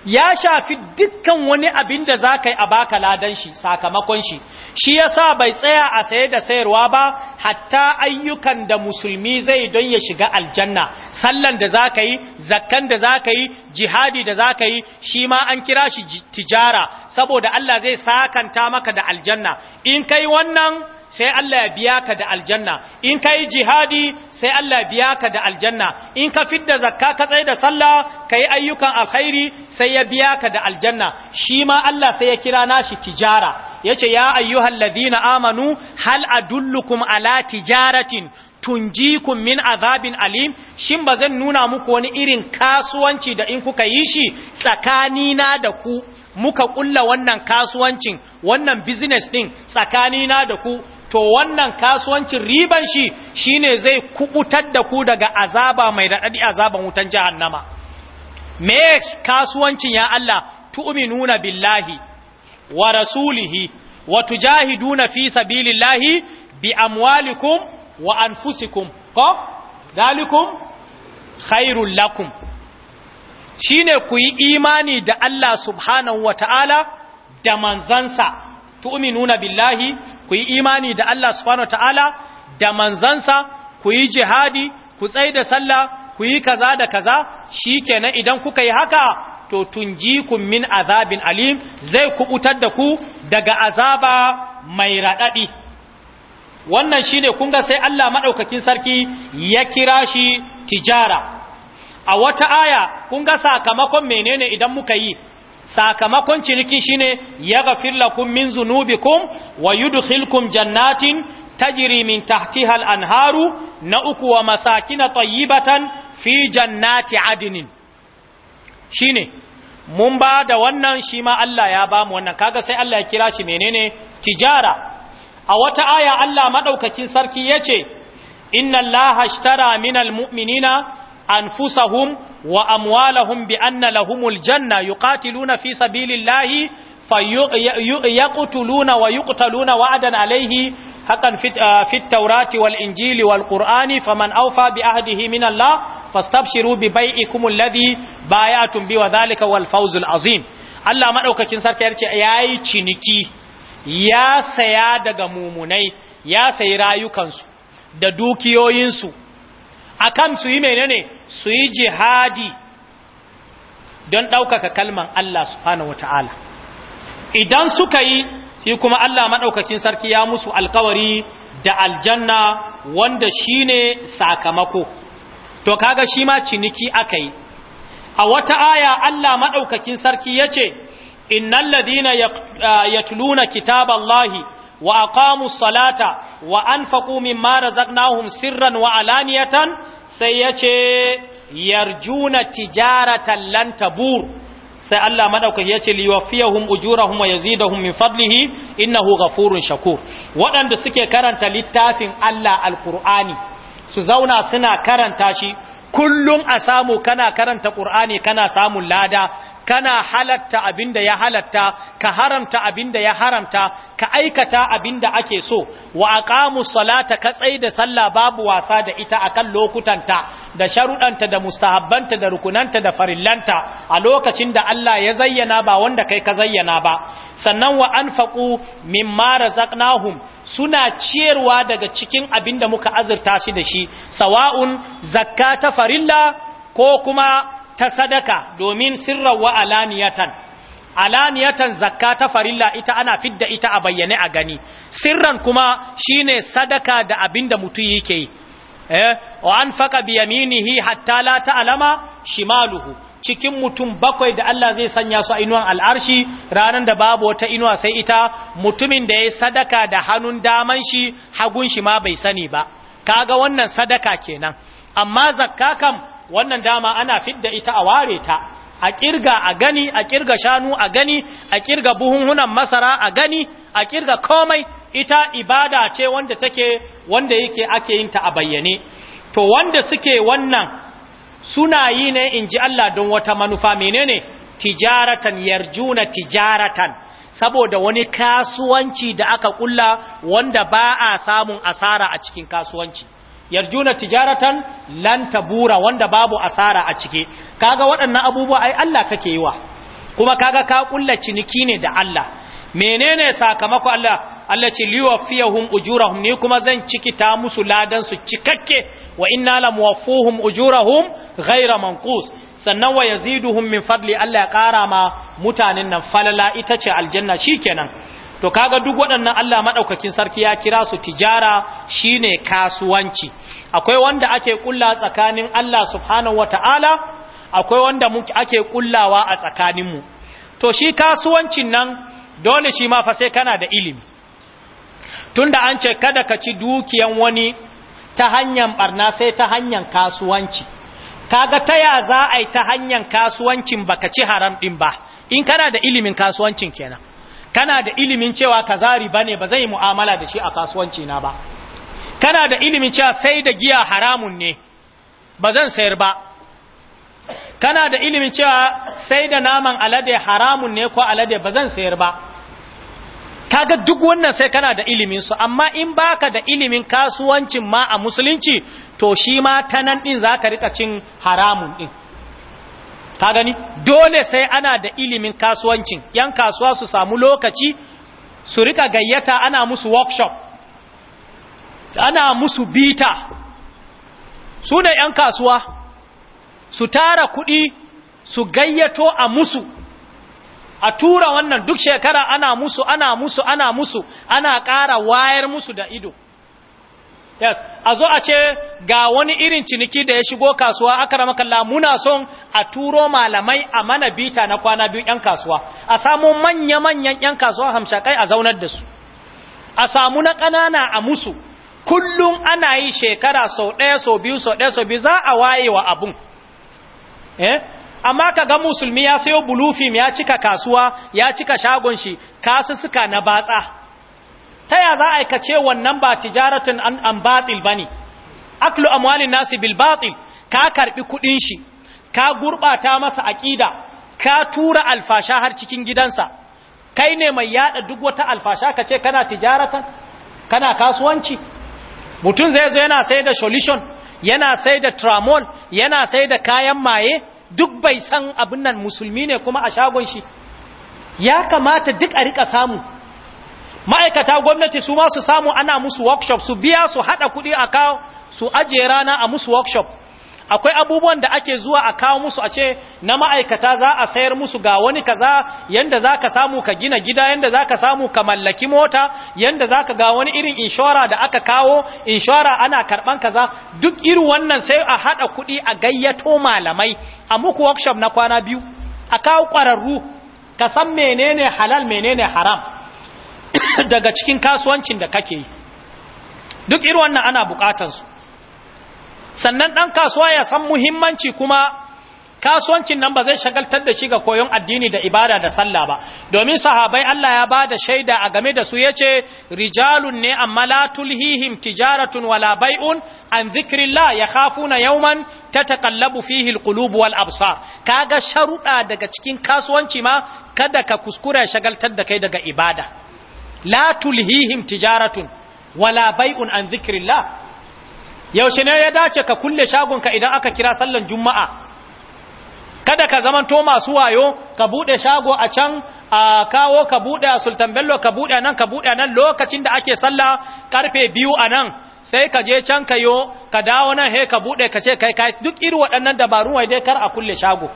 ya shafi dukkan wani abin da za ka yi a baka ladan shi sakamakon shi shi ya sa bai tsaya a saye da sayarwa ba hatta ayyukan da musulmi zai don ya shiga aljanna sallan da za ka yi zakkan da za ka yi jihadi da za ka yi shi ma an kira shi tijara saboda Allah zai sakanta maka da aljanna in kai wannan sai Allah ya biya ka da aljanna in ka yi jihadi sai Allah ya biya ka da aljanna in ka fidda zakka ka tsaye da sallah ka yi ayyukan alkhairi sai ya biya ka da aljanna shi ma Allah sai ya kira nashi tijara ya ce ya ayyuhal ladina amanu hal adullukum ala tijaratin tunjikun min azabin alim shin ba zan nuna muku wani irin kasuwanci da in kuka yi shi tsakanina da ku muka kulla wannan kasuwancin wannan business din tsakanina da ku to wannan kasuwancin riban shi shine zai kubutar da ku daga azaba mai daɗaɗi azaban wutan jahannama me kasuwancin ya Allah tu'minuna billahi wa rasulihi wa tujahiduna fi sabilillahi bi amwalikum wa anfusikum ko dalikum khairul lakum shine ku yi imani da Allah subhanahu wataala da manzansa tu'minuna billahi ku yi imani da Allah subhanahu da manzansa ku yi jihadi ku tsai da sallah ku yi kaza da kaza shikenan idan kuka yi haka to tunjikum min azabin alim zai kubutar da ku daga azaba mai radadi wannan shine kun ga sai Allah madaukakin sarki ya kira shi tijara a wata aya kun ga sakamakon menene idan muka yi sakamakon ciniki shine ya gafir lakum min zunubikum wa yudkhilkum jannatin tajri min tahtiha al-anharu na uku wa masakin tayyibatan fi jannati adnin shine mun ba da wannan shi ma Allah ya ba mu wannan kaga sai Allah ya kira shi menene tijara a wata aya Allah madaukakin sarki yace inna allaha ashtara minal mu'minina anfusahum wa amwalahum bi anna lahumul janna yuqatiluna fi sabilillahi fayaqtuluna wa yuqtaluna wa'dan alayhi haqqan fi at wal injili wal qur'ani faman awfa bi ahdihi min Allah fastabshiru bi bai'ikum alladhi bay'atum bi wa dhalika wal fawzul azim Allah madaukakin sarki yace yayi ciniki ya saya daga mumunai ya sayi rayukansu da dukiyoyinsu akan su yi menene su yi jihadi don ɗaukaka kalman Allah subhanahu ta'ala, idan suka yi shi kuma Allah maɗaukakin sarki ya musu alkawari da aljanna wanda shine sakamako to kaga shi ma ciniki yi, a wata aya Allah madaukakin sarki yace innal ladina ah, yatluna kitaballahi wa aqamu salata wa anfaqu mimma razaqnahum sirran wa alaniyatan sai yace yarjuna tijaratan lan tabur sai Allah madaukaki yace liwafiyahum ujurahum wa yazidahum min fadlihi innahu ghafurun shakur wadanda suke karanta littafin Allah alqur'ani su zauna suna karanta shi kullum a samu kana karanta qur'ani kana samun lada kana halatta abinda ya halatta ka haramta abinda ya haramta ka aikata abinda ake so wa aqamus salata ka tsaida sallah babu wasa da ita akan lokutanta da sharudanta da mustahabbanta da rukunanta da farillanta a lokacin da Allah ya zayyana ba wanda kai ka zayyana ba sannan wa anfaqu mimma razaqnahum suna ciyarwa daga cikin abin da muka azurta shi da shi sawa'un zakka ta farilla ko kuma ta sadaka domin sirran wa alaniyatan alaniyatan zakka ta farilla ita ana fidda ita a bayyane a gani sirran kuma shine sadaka da abinda mutum yake yi eh wa anfaqa bi yaminihi hatta la ta'lama shimaluhu cikin mutum bakwai da Allah zai sanya su a inuwan al'arshi ranar da babu wata inuwa sai ita mutumin da ya sadaka da hannun daman shi hagun shi ma bai sani ba kaga wannan sadaka kenan amma zakka kam wannan dama ana fidda ita a ware ta a kirga a gani a kirga shanu a gani a kirga buhunhunan masara a gani a kirga komai ita ibada ce wanda take wanda yake ake yin ta a bayyane to wanda suke wannan suna yi ne in ji Allah don wata manufa menene tijaratan yarjuna tijaratan saboda wani kasuwanci da aka kulla wanda ba a samun asara a cikin kasuwanci yarjuna tijaratan lan tabura wanda babu asara a ciki kaga waɗannan abubuwa ai Allah kake yi wa kuma kaga ka kulla ciniki ne da Allah menene sakamako Allah Allah ce liwafiyahum ujurahum ni kuma zan cikita musu ladan su cikakke wa inna la muwaffuhum ujurahum ghaira manqus sannan wa yaziduhum min fadli Allah ya kara ma mutanen nan falala ita ce aljanna shikenan to kaga duk waɗannan Allah maɗaukakin sarki ya kira su tijara shine kasuwanci akwai wanda ake kulla tsakanin Allah subhanahu wata'ala akwai wanda muke ake kullawa a mu to shi kasuwancin nan dole shi ma fa sai kana da ilimi tunda an ce kada ka ci dukiyan wani ta hanyar barna sai ta hanyar kasuwanci kaga ta ya za a yi ta hanyar kasuwancin baka ci haram din ba in kana da ilimin kasuwancin kenan kana da ilimin cewa kaza ba ne ba zai mu'amala da shi a kasuwanci na ba kana da ilimin cewa sai da giya haramun ne ba zan sayar ba kana da ilimin cewa sai da naman alade haramun ne ko alade ba zan sayar ba kaga duk wannan sai kana da ilimin su amma in baka da ilimin kasuwancin ma a musulunci to shi ma tanan nan din zaka rika cin haramun din ka gani dole sai ana da ilimin kasuwancin yan kasuwa su samu lokaci su rika gayyata ana musu workshop ana musu bita su ne yan kasuwa su tara kuɗi su gayyato a musu a tura wannan duk shekara ana musu ana musu ana musu ana ƙara wayar musu da ido yes a zo a ce ga wani irin ciniki da ya shigo kasuwa aka rama kalla muna son a turo malamai a mana bita na kwana biyu yan kasuwa a samu manya-manyan yan kasuwa hamshakai a zaunar da su a samu na ƙanana a musu kullum ana yi shekara sau ɗaya sau biyu sau ɗaya sau biyu za a waye wa abun eh? amma ka ga musulmi ya sayo bulufim ya cika kasuwa ya cika shagon shi kasu suka na batsa ta ya za a ce wannan ba tijaratun an, an batil ba ne aklu amwalin nasi bil batil ka karbi kudin shi ka gurbata masa aƙida ka tura alfasha har cikin gidansa kai ne mai yada duk wata alfasha ka ce kana tijaratan kana kasuwanci mutum zai zo yana sai da solution yana sai da tramon yana sai da kayan maye duk bai san abin nan musulmi ne kuma a shagon shi ya kamata duk a rika samu ma'aikata gwamnati su ma su samu ana musu workshop su biya su haɗa kuɗi a kawo su ajiye rana a musu workshop akwai abubuwan da ake zuwa a kawo musu a ce na ma'aikata za a sayar musu ga wani kaza yanda za ka samu ka gina gida yanda za ka samu ka mallaki mota yanda za ka ga wani irin inshora da aka kawo inshora ana karɓan kaza duk irin wannan sai a haɗa kuɗi a gayyato malamai a muku workshop na kwana biyu a kawo kwararru ka san menene halal menene haram daga cikin kasuwancin da kake yi duk irin wannan ana bukatansu sannan ɗan kasuwa ya san muhimmanci kuma kasuwancin nan ba zai shagaltar da shi ga koyon addini da ibada da sallah ba domin sahabai Allah ya bada shaida a game da su yace rijalun ne amma la tulhihim tijaratun wala bai'un an dhikrillah yakhafuna yawman tataqallabu fihi alqulub wal absar kaga sharuɗa daga cikin kasuwanci ma kada ka kuskura shagaltar da kai daga ibada la tulhihim tijaratun wala bai'un an zikrillah yaushe ne ya dace ka kulle shagon ka idan aka kira sallan juma'a kada ka zamanto masu wayo ka bude shago a can a kawo ka bude a sultan bello ka bude nan ka bude nan lokacin da ake salla karfe biyu a nan sai ka je can ka yo ka dawo nan he ka bude ka ce kai kai duk irin waɗannan dabarun wai dai kar a kulle shago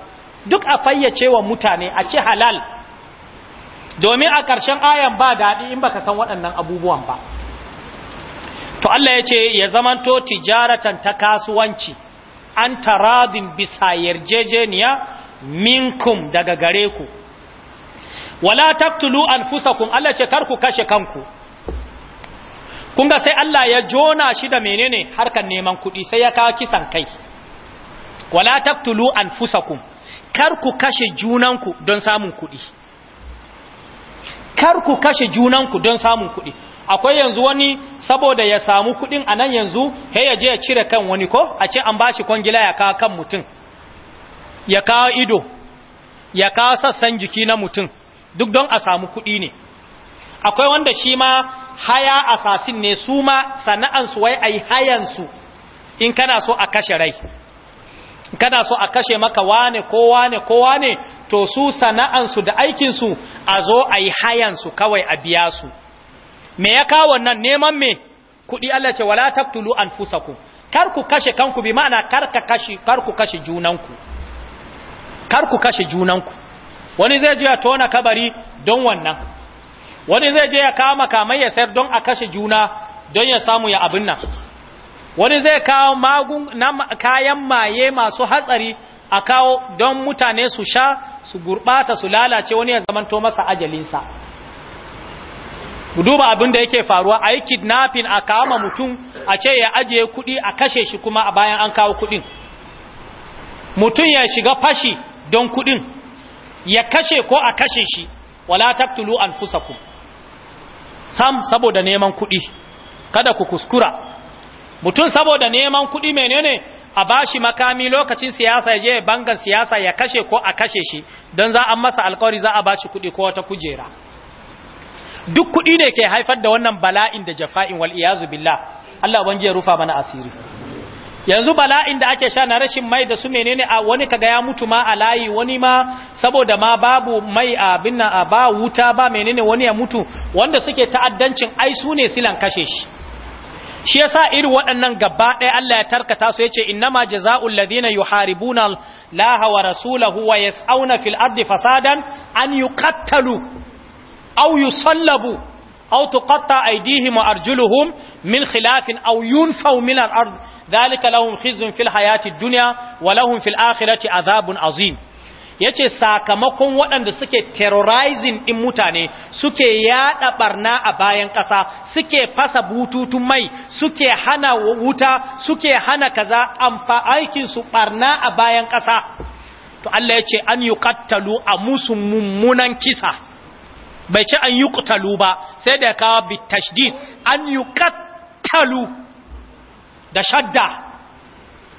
duk a fayyace wa mutane a ce halal domin a ƙarshen ayan ba daɗi in baka san waɗannan abubuwan ba to Allah ya ce ya zamanto tijaratan ta kasuwanci an tarabin bisa yarjejeniya minkum daga gare ku wala taktulu anfusakum Allah ce kar ku kashe kanku kun ga sai Allah ya jona shi da menene harkar neman kuɗi sai ya kawo kisan kai wala taktulu anfusakum kar ku kashe junanku don samun kuɗi kar ku kashe junanku don samun kuɗi akwai yanzu wani saboda ya samu kuɗin a nan yanzu he ya je ya cire kan wani ko a ce an bashi kwangila ya kawo kan mutum ya kawo ido ya kawo sassan jiki na mutum duk don a samu kuɗi ne akwai wanda shi ma haya asasin ne su ma sana'ansu wai a hayansu in kana so a kashe rai kana so a kashe maka wane ko wane ko wane to su sana'ansu da aikinsu a zo a yi hayansu kawai a biya su me ya kawo wannan neman me kuɗi Allah ce wala taftulu anfusakum kar ku kashe kanku bi ma'ana kar ka kashe kar ku kashe junanku kar ku kashe junanku wani zai je ya tona kabari don wannan wani zai je ya kama kamai ya sayar don a kashe juna don ya samu ya abin nan wani zai kawo kayan maye masu hatsari a kawo don mutane su sha su gurɓata su lalace wani ya zamanto masa ajalinsa duba abin da yake faruwa a yi kidnapping a kama mutum a ce ya ajiye kuɗi a kashe shi kuma a bayan an kawo kuɗin mutum ya shiga fashi don kuɗin ya kashe ko a kashe shi wala taktulu anfusakum sam saboda neman kuɗi kada ku kuskura mutum saboda neman kuɗi menene a bashi makami lokacin siyasa ya je bangar siyasa ya kashe ko a kashe shi don za a masa alkawari za a bashi kuɗi ko wata kujera duk kuɗi ne ke haifar da wannan bala'in da jafa'in wal iyazu billah Allah ubangiji ya rufa mana asiri yanzu bala'in da ake sha na rashin mai da su menene a wani kaga ya mutu ma a layi wani ma saboda ma babu mai abin a ba wuta ba menene wani ya mutu wanda suke ta'addancin ai su ne silan kashe shi shi yasa irin waɗannan gaba ɗaya Allah ya tarkata su yace innama jazaa'ul ladina yuharibuna laha wa rasulahu wa yas'auna fil ardi fasadan an yuqattalu aw yusallabu aw tuqatta aydihim wa arjuluhum min khilafin aw yunfaw min al ard dhalika lahum khizyun fil hayati dunya wa lahum fil akhirati adhabun azim ya ce sakamakon waɗanda suke terrorizing ɗin mutane suke yaɗa ɓarna a bayan ƙasa suke fasa bututun mai suke hana wuta suke hana kaza amfa aikinsu ɓarna a bayan ƙasa to Allah ya ce an yi ƙattalu a musu mummunan kisa bai ce an yi kattalu ba sai da ya kawo bitashdi an yi ƙattalu da shadda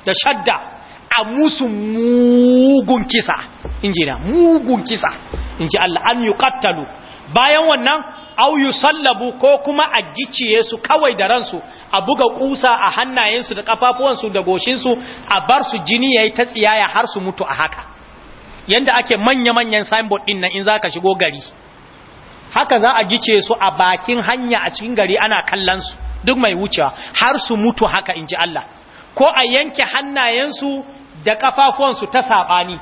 da shadda a musu mugun kisa in ji mugun kisa in ji Allah an yi kattalu bayan wannan au yi sallabu ko kuma a giciye su kawai da ransu a buga kusa a hannayensu da kafafuwansu da goshinsu a bar su jini ya yi ta tsiyaya har su mutu a haka yadda ake manya-manyan signboard din nan in za ka shigo gari haka za a gice su a bakin hanya a cikin gari ana kallon duk mai wucewa har su mutu haka in ji Allah ko a yanke hannayensu da su ta saɓani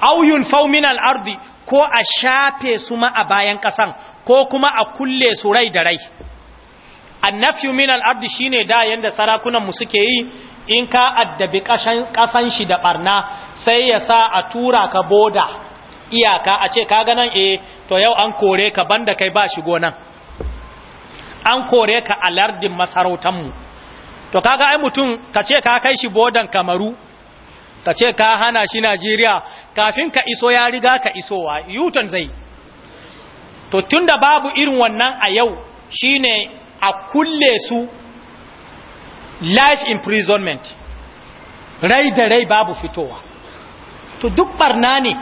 auyun faumin arzi ko a shafe su ma a bayan ƙasan ko kuma a kulle su rai da rai annafiyu min al'ardi shi ne da yadda sarakunanmu suke yi in ka addabi ƙasan shi da ɓarna sai ya sa a tura ka boda iyaka a ce ka nan, e to yau an kore ka banda kai ba shigo nan an kore ka a lardin mu. to kaga ai mutum ka ce ka kai shi bodan kamaru ka ce ka hana shi Najeriya kafin ka iso ya riga ka isowa yuton zai to tunda babu irin wannan a yau shine a kulle su life imprisonment rai da rai babu fitowa to duk barna ne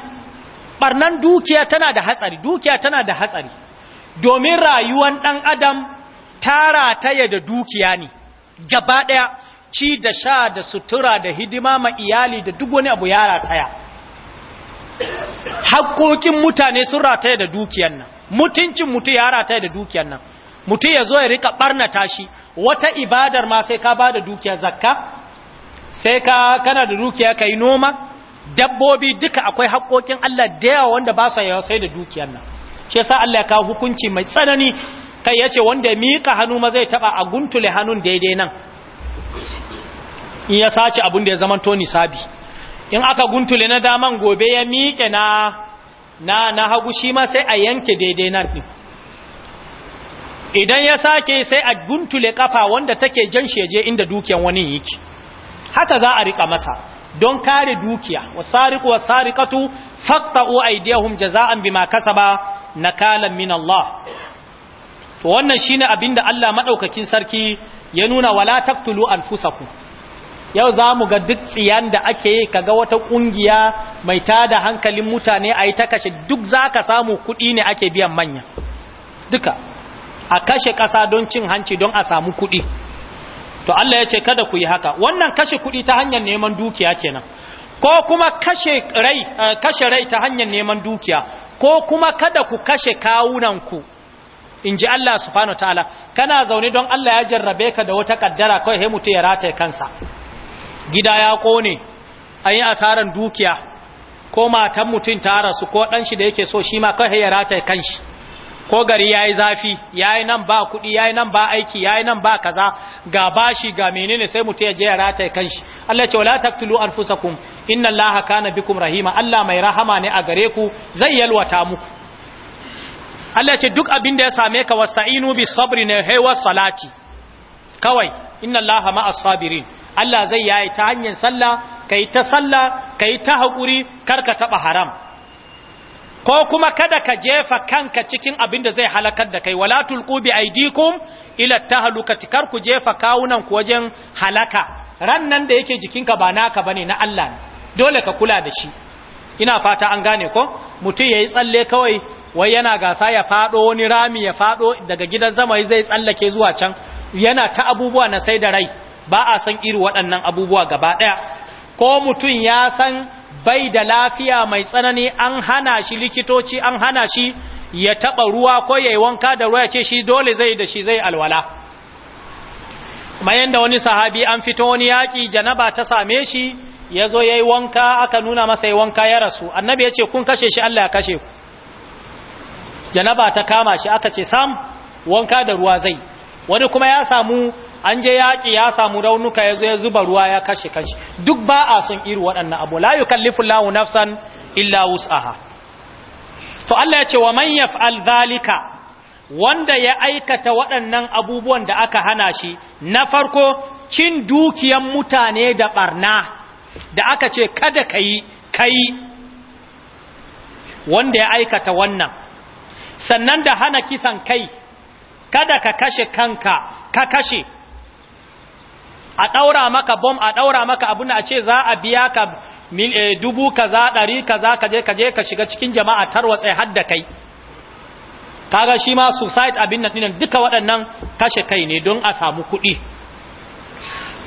barnan dukiya tana da hatsari dukiya tana da hatsari domin rayuwan dan adam tara taya da dukiya ne gaba daya ci da sha da sutura da hidima ma iyali da duk wani abu ya rataya haƙoƙin mutane sun rataya da dukiyan nan mutuncin mutu ya rataya da dukiyan nan mutu ya zo ya rika ɓarna tashi. wata ibadar ma sai ka ba da dukiya zakka sai ka kana da dukiya ka yi noma dabbobi duka akwai haƙoƙin Allah da yawa wanda ba su yawa sai da dukiyar nan shi yasa Allah ya kawo hukunci mai tsanani kai yace wanda ya mika hannu ma zai taba a guntule hannun daidai nan in ya sace abun da ya zama zamanto nisabi in aka guntule na daman gobe ya miƙe na na na hagu shi ma sai a yanke daidai nan din idan ya sake sai a guntule kafa wanda take jan sheje inda dukiyan wani yake haka za a rika masa don kare dukiya wasariqu wasariqatu faqta'u bi jaza'an bima kasaba nakalan min Allah to wannan shine abinda Allah madaukakin sarki ya nuna wala taqtulu anfusakum yau za mu ga duk tsiyan da ake yi kaga wata ƙungiya mai tada hankalin mutane a yi ta kashe duk za ka samu kuɗi ne ake biyan manya duka a kashe ƙasa don cin hanci don a samu kuɗi to Allah ya ce kada ku yi haka wannan kashe kuɗi ta hanyar neman dukiya kenan ko kuma kashe rai eh, kashe rai ta hanyar neman dukiya ko kuma kada ku kashe kawunanku in ji Allah subhanahu wa ta'ala kana zaune don Allah ya jarrabe ka da wata kaddara kawai he mutu ya rataye kansa gida ya kone an yi asaran dukiya ko matan mutum ta rasu ko ɗanshi da yake so shi ma kai ya rataye kanshi ko gari ya yi zafi ya yi nan ba kuɗi ya yi nan ba aiki ya yi nan ba kaza ga bashi ga menene sai mutum ya je ya rataye kanshi Allah ce wala taqtulu anfusakum inna Allah kana bikum rahima Allah mai rahama ne a gare ku zai yalwata muku Allah ce duk abin da ya same ka wasta'inu bis sabri ne haywa salati kawai inna Allah ma'as sabirin Allah zai yaye ta hanyar sallah kai ta sallah kai ta haƙuri karka taɓa haram ko kuma kada ka jefa kanka cikin abin da zai halakar da kai wala tulqu bi aidikum ila tahlukati karku ku jefa kawunan ku wajen halaka Rannan nan da yake jikinka ba naka bane na Allah ne dole ka kula da shi ina fata an gane ko mutum yayi tsalle kawai wai yana gasa ya fado wani rami ya fado daga gidan zama zai tsallake zuwa can yana ta abubuwa na sai da rai ba a san iri waɗannan abubuwa gaba ɗaya ko mutum ya san bai da lafiya mai tsanani an hana shi likitoci an hana shi ya taɓa ruwa ko ya yi wanka da ruwa ya ce shi dole zai da shi zai alwala mayan da wani sahabi an fito wani yaƙi janaba ta same shi ya zo ya yi wanka aka nuna masa ya wanka ya rasu annabi ya ce kun kashe shi Allah ya kashe ku janaba ta kama shi aka ce sam wanka da ruwa zai wani kuma ya samu an je yaƙi ya samu raunuka ya zo ya zuba ruwa ya kashe kanshi duk ba a son iri waɗannan abu la yukallifu lahu nafsan illa wus'aha to Allah ya ce wa man yaf'al zalika wanda ya aikata waɗannan abubuwan da aka hana shi na farko cin dukiyan mutane da barna da aka ce kada kai kai wanda ya aikata wannan sannan da hana kisan kai kada ka kashe kanka ka kashe a ɗaura maka bom a ɗaura maka abin a ce za a biya ka eh, dubu kaza ɗari kaza kaje kaje ka shiga cikin jama'a tarwatsa har da kai kaga shi ma suicide abin nan dinan duka waɗannan kashe kai ne don a samu kuɗi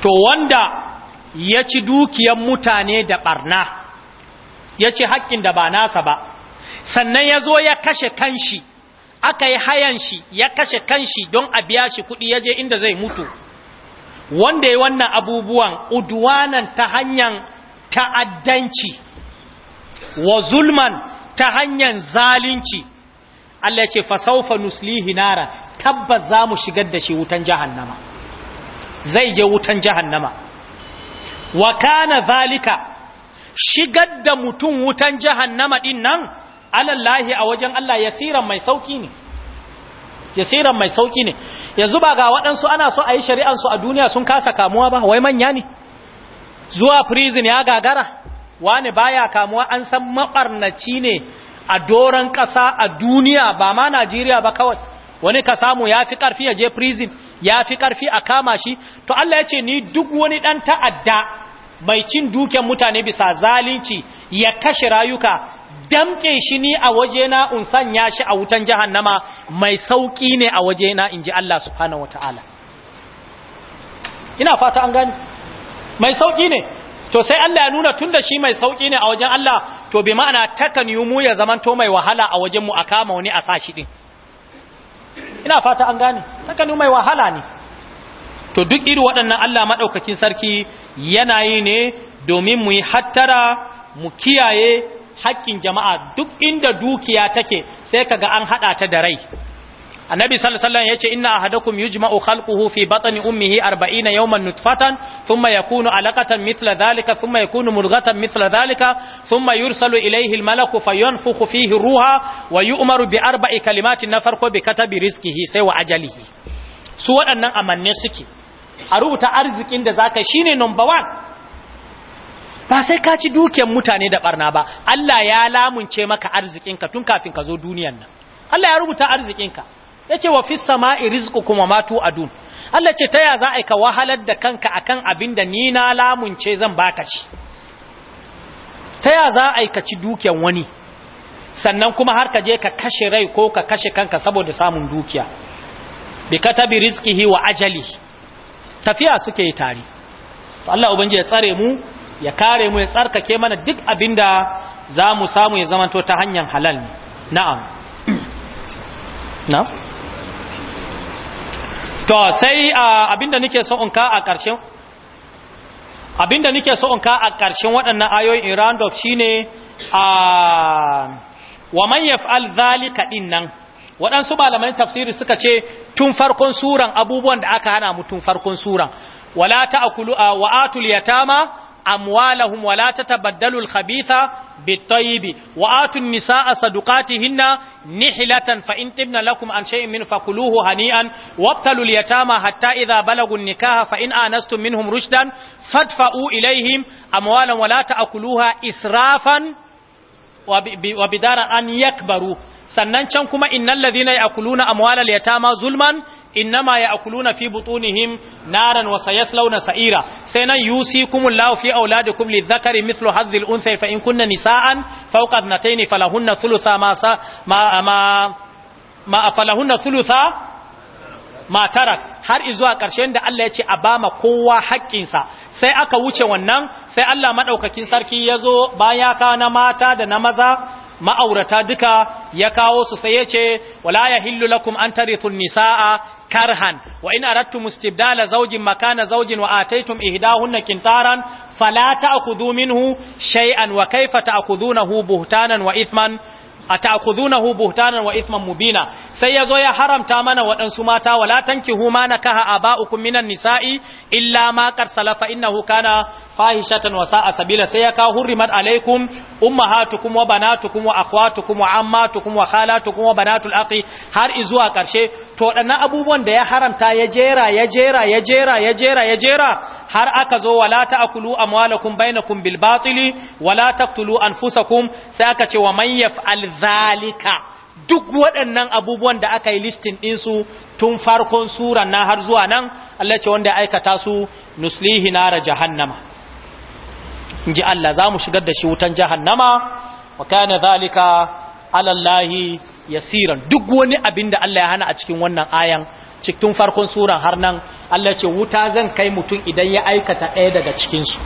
to wanda ya ci dukiyan mutane da barna ya ci haƙƙin da ba nasa ba sannan ya zo ya kashe kanshi aka yi hayan shi ya kashe kanshi don a biya shi kuɗi ya je inda zai mutu wanda ya wannan abubuwan udwanan ta hanyar ta'addanci wa zulman ta hanyar zalunci Allah ce fasaufa nuslihi nara tabbas za mu shigar da shi wutan jahannama zai je wutan jahannama wa kana zalika shigar da mutum wutan jahannama din nan alallahi a wajen Allah yasiran mai sauki ne yasiran mai sauki ne yanzu ba ga waɗansu ana so a yi shari'ansu a duniya sun kasa kamuwa ba wai manya ne zuwa prison ya gagara wani baya kamuwa an san maɓarnaci ne a doron ƙasa a duniya ba ma najeriya ba kawai wani ka samu ya fi ƙarfi ya je prison ya fi ƙarfi a kama shi to allah ya ce ni duk wani ɗan ta'adda mai cin duken mutane bisa zalunci ya kashe rayuka damke shi ni a wajena in sanya shi a wutan jahannama mai sauki ne a wajena in ji Allah subhanahu wataala ina fata an gani mai sauki ne to sai Allah ya nuna tunda shi mai sauki ne a wajen Allah to bi ma'ana takan mu ya zamanto mai wahala a wajen mu a kama wani a sashi din ina fata an gane takan mai wahala ne to duk irin waɗannan Allah madaukakin sarki yana yi ne domin mu yi hattara mu kiyaye haƙƙin jama'a duk inda dukiya take sai kaga an haɗa ta da rai annabi sallallahu alaihi wasallam yace inna ahadakum yujma'u khalquhu fi batni ummihi 40 yawman nutfatan thumma yakunu alaqatan mithla dhalika thumma yakunu mudghatan mithla dhalika thumma yursalu ilayhi almalaku fayanfukhu fihi ruha wa yu'maru bi arba'i kalimatin na farko bi katabi rizqihi sai wa ajalihi su waɗannan amanne suke a rubuta arzikin da zaka shine number 1 ba sai ka ci dukiyar mutane da barna ba Allah ya lamunce maka arzikinka tun kafin ka zo duniyan nan Allah ya rubuta arzikinka yace wa fis sama'i rizqukum wa matu adun Allah ce taya za a ka wahalar da kanka akan abin da ni na lamunce zan baka shi taya za a ka ci dukiyar wani sannan kuma har ka je ka kashe rai ko ka kashe kanka saboda samun dukiya bi katabi rizqihi wa ajali tafiya suke yi tare to Allah ubangiji ya tsare mu ya kare mu ya tsarkake mana duk abinda za mu samu ya zamanto ta hanyar halal ne na'am to sai abinda nake so in ka a ƙarshen abinda nake so in ka a ƙarshen waɗannan ayoyin in round shine a wa man yaf'al zalika dinnan waɗansu malaman tafsiri suka ce tun farkon suran abubuwan da aka hana mu tun farkon suran wala ta'kulu wa atul yatama أموالهم ولا تتبدلوا الخبيث بالطيب وآتوا النساء صدقاتهن نحلة فإن تبن لكم عن شيء منه فكلوه هنيئا وابتلوا اليتامى حتى إذا بلغوا النكاح فإن آنستم منهم رشدا فادفعوا إليهم أموالا ولا تأكلوها إسرافا وبدار أن يكبروا سننشنكم إن الذين يأكلون أموال اليتامى ظلما innama ya akuluna fi butunihim naran wa sayaslawna sa'ira sai nan yusikumullahu fi auladikum lidhakari mithlu hadhi al-unthay fa in kunna nisaan fawqa adnatayn falahunna thulutha ma ma ma falahunna thulutha Matarak har izuwa ƙarshen da Allah ya ce a bama kowa haƙƙinsa sai aka wuce wannan sai Allah maɗaukakin sarki ya zo baya kawo na mata da na maza ma'aurata duka ya kawo su sai ya ce wala ya hillu lakum an tarithun nisa'a karhan wa in aradtum istibdala zaujin makana zaujin wa ataytum ihdahunna kintaran fala ta'khudhu minhu shay'an wa kayfa ta'khudhunahu buhtanan wa ithman atakuzunahu buhtanan wa isman mubina sai yazo ya haramta mana waɗansu mata wala tankihu ma nakaha aba'ukum minan nisa'i illa ma qad salafa innahu kana fahishatan wa sa'a sabila sai ya ka hurrimat alaikum ummahatukum wa banatukum wa akhwatukum wa ammatukum wa khalatukum wa banatul aqi har izuwa karshe to dana abubuwan da ya haramta ya jera ya jera ya jera ya jera ya jera har aka zo wala ta'kulu amwalakum bainakum bil batili wala taqtulu anfusakum sai aka ce wa man yaf'al zalika duk waɗannan abubuwan da aka yi listin ɗinsu tun farkon suran na har zuwa nan Allah ce wanda aikata su nuslihi nara jahannama in ji Allah za mu shigar da shi wutan jahannama wa kana zalika alallahi yasiran duk wani abin da Allah ya hana a cikin wannan ayan cikin farkon suran har nan Allah ce wuta zan kai mutum idan ya aikata ɗaya daga cikinsu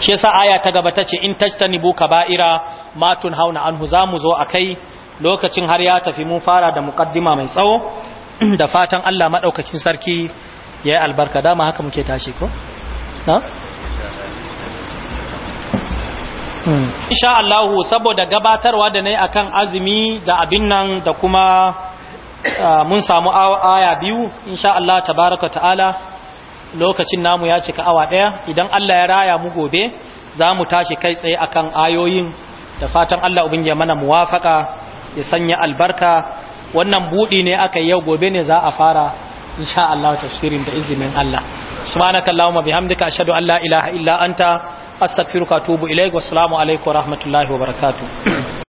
shi yasa aya ta gaba tace in tajtanibu kaba'ira ma tunhauna anhu zamu zo akai lokacin har ya tafi mun fara da muqaddima mai tsawo da fatan Allah madaukakin sarki yayi albarka dama haka muke tashi ko na hmm. insha Allah saboda gabatarwa da nayi akan azumi da abin nan da kuma ah, mun samu aya biyu insha Allah tabaraka ta'ala lokacin namu ya cika awa ɗaya idan Allah ya raya mu gobe za mu tashi kai tsaye akan ayoyin da fatan Allah ubin ya mana muwafaka ya sanya albarka wannan buɗi ne aka yau gobe ne za a fara insha Allah tafsirin da izinin Allah subhanaka allahumma bihamdika ashhadu an la ilaha illa anta astaghfiruka wa atubu ilaik wassalamu alaikum wa rahmatullahi wa barakatuh